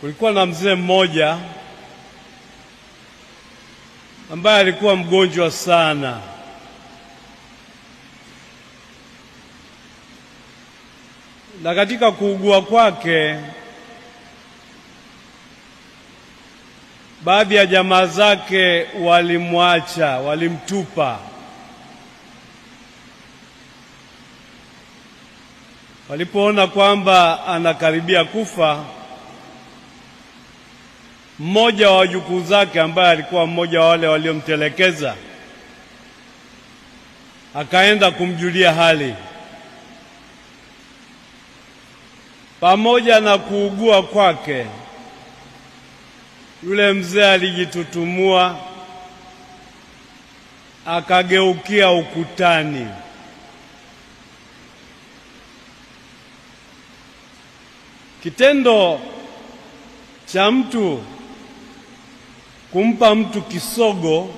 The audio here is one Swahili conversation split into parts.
Kulikuwa na mzee mmoja ambaye alikuwa mgonjwa sana, na katika kuugua kwake baadhi ya jamaa zake walimwacha, walimtupa. Walipoona kwamba anakaribia kufa mmoja wa wajukuu zake ambaye alikuwa mmoja wa wale waliomtelekeza akaenda kumjulia hali. Pamoja na kuugua kwake, yule mzee alijitutumua akageukia ukutani. Kitendo cha mtu Kumpa mtu kisogo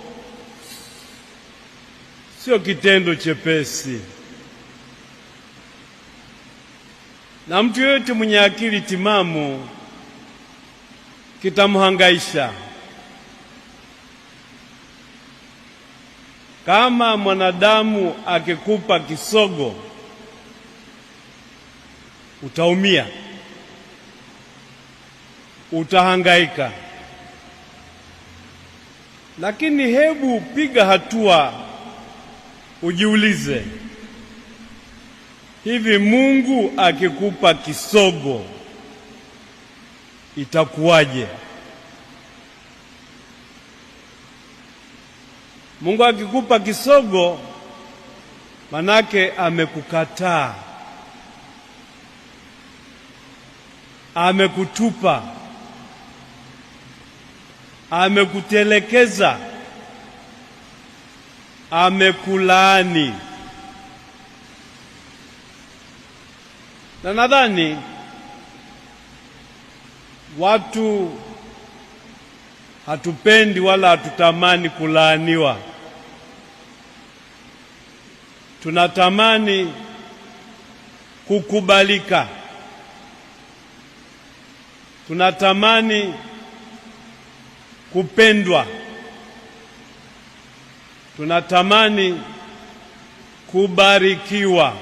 sio kitendo chepesi, na mtu yoyote mwenye akili timamu kitamhangaisha. Kama mwanadamu akikupa kisogo utaumia, utahangaika. Lakini hebu piga hatua, ujiulize, hivi Mungu akikupa kisogo itakuwaje? Mungu akikupa kisogo, manake amekukataa, amekutupa amekutelekeza, amekulaani. Na nadhani watu hatupendi wala hatutamani kulaaniwa, tunatamani kukubalika, tunatamani Kupendwa, tunatamani kubarikiwa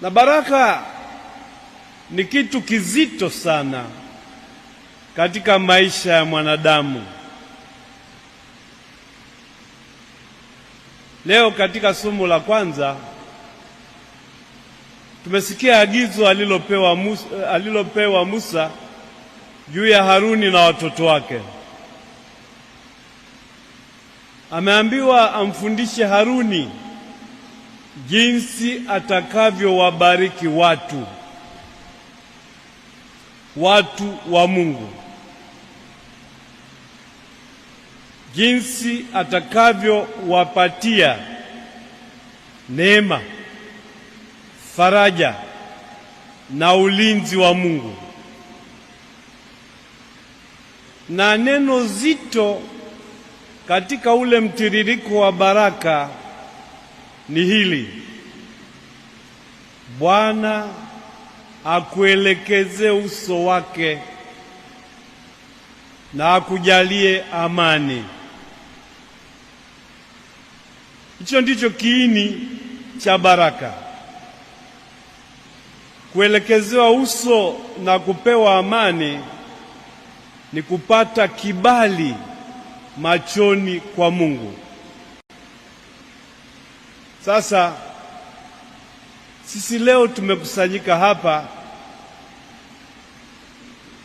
na baraka. Ni kitu kizito sana katika maisha ya mwanadamu. Leo katika somo la kwanza tumesikia agizo alilopewa Musa, alilopewa Musa juu ya Haruni na watoto wake. Ameambiwa amfundishe Haruni jinsi atakavyowabariki watu, watu wa Mungu, jinsi atakavyowapatia neema, faraja na ulinzi wa Mungu na neno zito katika ule mtiririko wa baraka ni hili: Bwana akuelekeze uso wake na akujalie amani. Hicho ndicho kiini cha baraka, kuelekezewa uso na kupewa amani ni kupata kibali machoni kwa Mungu. Sasa sisi leo tumekusanyika hapa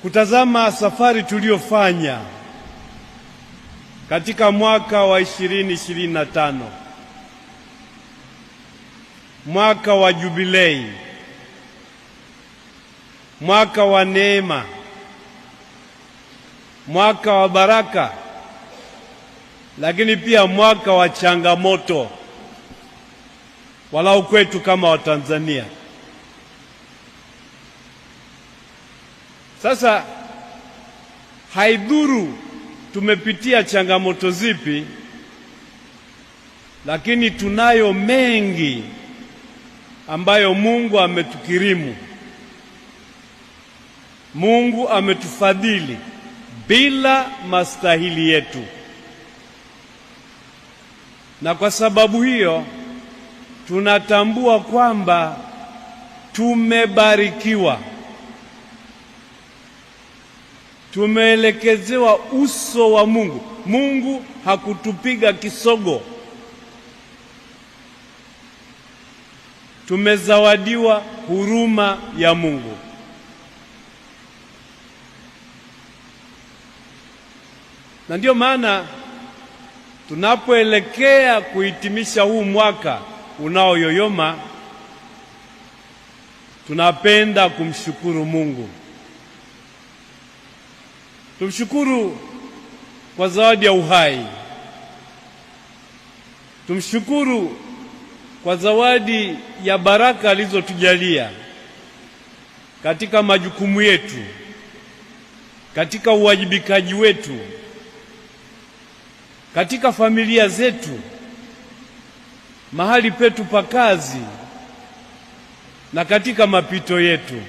kutazama safari tuliyofanya katika mwaka wa 2025 mwaka wa jubilei, mwaka wa neema mwaka wa baraka, lakini pia mwaka wa changamoto, walau kwetu kama Watanzania. Sasa haidhuru tumepitia changamoto zipi, lakini tunayo mengi ambayo Mungu ametukirimu, Mungu ametufadhili bila mastahili yetu, na kwa sababu hiyo tunatambua kwamba tumebarikiwa, tumeelekezewa uso wa Mungu. Mungu hakutupiga kisogo, tumezawadiwa huruma ya Mungu. Na ndiyo maana tunapoelekea kuhitimisha huu mwaka unaoyoyoma, tunapenda kumshukuru Mungu. Tumshukuru kwa zawadi ya uhai, tumshukuru kwa zawadi ya baraka alizotujalia katika majukumu yetu, katika uwajibikaji wetu katika familia zetu, mahali petu pa kazi na katika mapito yetu.